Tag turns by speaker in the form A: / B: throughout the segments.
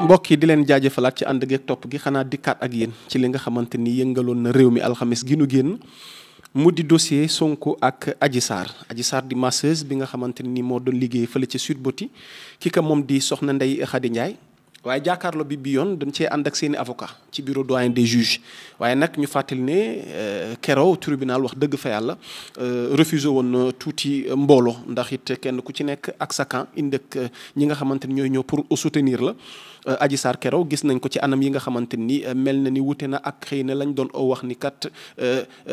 A: mbokk yi di leen jaajëfalaat ci ànd geeg topp gi xanaa dikkaat ak yéen ci li nga xamante ni yëngaloon na réew mi alxames gi nu génn mu di dossier Sonko ak Adji saar Adji Sarr di masseuse bi nga xamante ni moo doon liggéey fële ci Sweet Beauté ki ka moom di soxna ndey Khady Ndiaye waaye jàkkaarloo bi bi yoon dañ cee ànd ak seeni avocat ci bureau doyen des juges waaye nag ñu fàttali ne euh, keroog tribunal wax dëgg fa yàlla euh, refusé woon na tuuti mbooloo ndax it kenn ku ci nekk ak sa camp indi ak euh, ñi nga xamante ni ñooy ñëw pour soutenir la Adji Sarr keroog gis nañ ko ci anam yi nga xamante ni mel na ni wute na ak xëy na lañ doon wax ni kat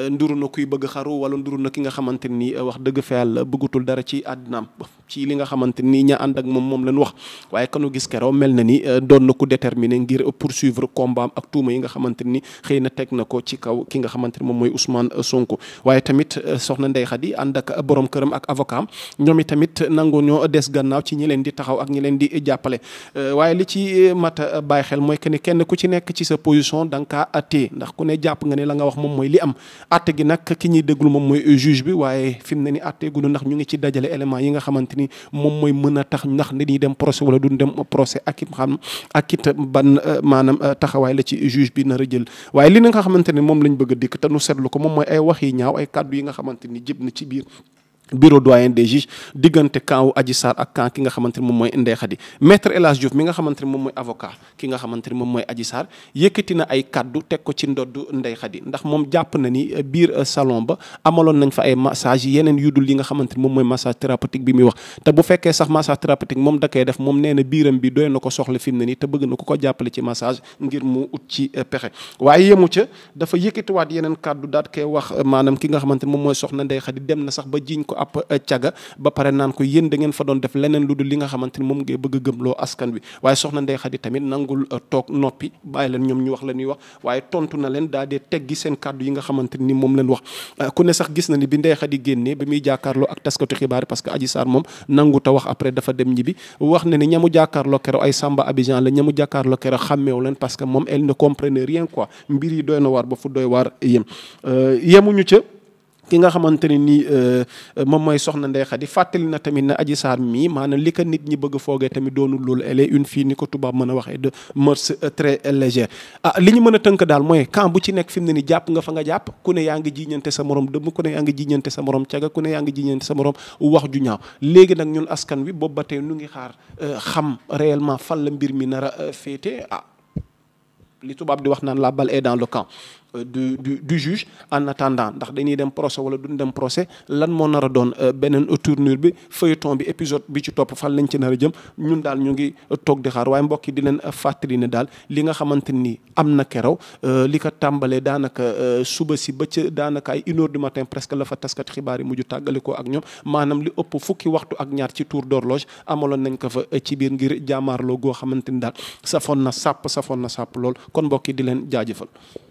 A: nduru na kuy bëgg xaru wala nduru na ki nga xamante ni wax dëgg fa la bëggatul dara ci àddinaam ci li nga xamante ni ña ànd ak moom moom lañ wax waaye kanu gis keroog mel na ni doon na ku déterminé ngir poursuivre combat ak tuuma yi nga xamante ni xëy na teg na ko ci kaw ki nga xamante ni moom mooy Ousmane Sonko waaye tamit euh, soxna Ndeye Khady ànd ak borom këram ak avocat am ñoom itamit nangu ñoo des gannaaw ci ñi leen di taxaw ak ñi leen di jàppale euh, waaye li ci mat a xel mooy que ni kenn ku ci nekk ci sa position da nga kaa téye ndax ku ne jàpp nga ne la nga wax moom mooy li am àtte gi nag ki ñuy déglu moom mooy juge bi waaye fi mu ne ni àtte gunu ndax ñu ngi ci dajale élément yi nga xamante ni moom mooy mën a tax ndax dañuy dem procès wala duñ dem procès ak xam ak it ban euh, maanaam euh, taxawaay la ci juge bi na a jël waaye li nga xamante ne moom lañ bëgg dëkk dikk te nu seetlu ko moom mooy ay wax yi ñaaw ay kàddu yi nga xamante ni jib na ci biir bureau doyen des juges diggante camp wu ak camp ki nga xamante moom mooy Ndeye Khady maître El Hadj Diouf mi nga xamante ni moom mooy avocat ki nga xamante moom mooy Adji yëkkati na ay kaddu teg ko ci ndoddu Ndeye Khady ndax moom jàpp na ni euh, biir euh, salon ba amaloon nañ fa ay massage yeneen yu dul yi nga xamante ni moom mooy massage thérapeutique bi muy wax te bu fekkee sax massage thérapeutique moom da koy def moom nee na biiram bi doy na ko soxla fi mu ne nii te bëgg na ko ko jàppale ci massage euh, yeneen kaddu daat wax maanaam ki nga xamante ni moom mooy soxna Ndeye Khady dem na sax ba jiñ ko ab eh, caga ba pare naan ko yéen da ngeen fa doon def leneen lu dul li nga xamante ni moom ngay bëgg a gëmloo askan wi waaye soxna Ndeye Khady tamit nangu eh, toog noppi bàyyi leen ñoom ñu wax la ñuy wax waaye tontu na leen daa dee teggi seen kàddu yi nga xamante ni moom leen wax eh, ku ne sax na ni bi Ndeye Khady génnee bi muy jàkkaarloo ak taskatu xibaar parce que Adji Sarr moom nangu ta wax après dafa dem ñibi wax na ni ñamu jàkkaarloo kero ay Samba Abidjan la ñamu jàkkaarloo kero xàmmeewu leen parce que moom elle ne comprenait rien quoi mbir yi doy na waar ba fu doy waar yem ñu ca ki nga xamante ne ni euh, moom mooy soxna Ndeye Khady fàttali na tamit ne Adji Sarr mii maanaam li ko nit ñi bëgg foogee tamit doonu loolu elle est une fille ni ko tubaab mën a wax de mœurs très légère ah li ñu mën a tënk daal mooy camp bu ci nekk fi mu ne ni jàpp nga fa nga jàpp ku ne yaa ngi jiiñante sa morom dëmm ku ne yaa ngi jiiñante sa morom caga ku ne yaa ngi jiiñante sa morom wax ju ñaaw léegi nag ñun askan wi boobu ba tey nu ngi xaar euh, xam réellement fan la mbir mi nar euh, féete ah li tubaab di wax naan la balle dans le camp Euh, du du du juge en ndax dañuy dem procès wala duñ dem procès lan moo nara doon euh, beneen tournure bi feuilleton bi épisode bi ci topp fan lañ ci nar a jëm ñun daal ñu ngi euh, toog di xaar waaye mbokk yi di leen fàttali na daal li nga xamante ni am na keroog li ko tàmbalee daanaka suba si ba ca daanaka ay une heure presque la fa taskat xibaar yi mujj tàggalikoo ak ñoom maanaam li ëpp fukki waxtu ak ñaar ci tour d'horloge amaloon nañ ko fa ci biir ngir jaamaarloo goo xamante ni daal safoon na sàpp safoon na sàpp lool kon mbokk yi di leen jaajëfal.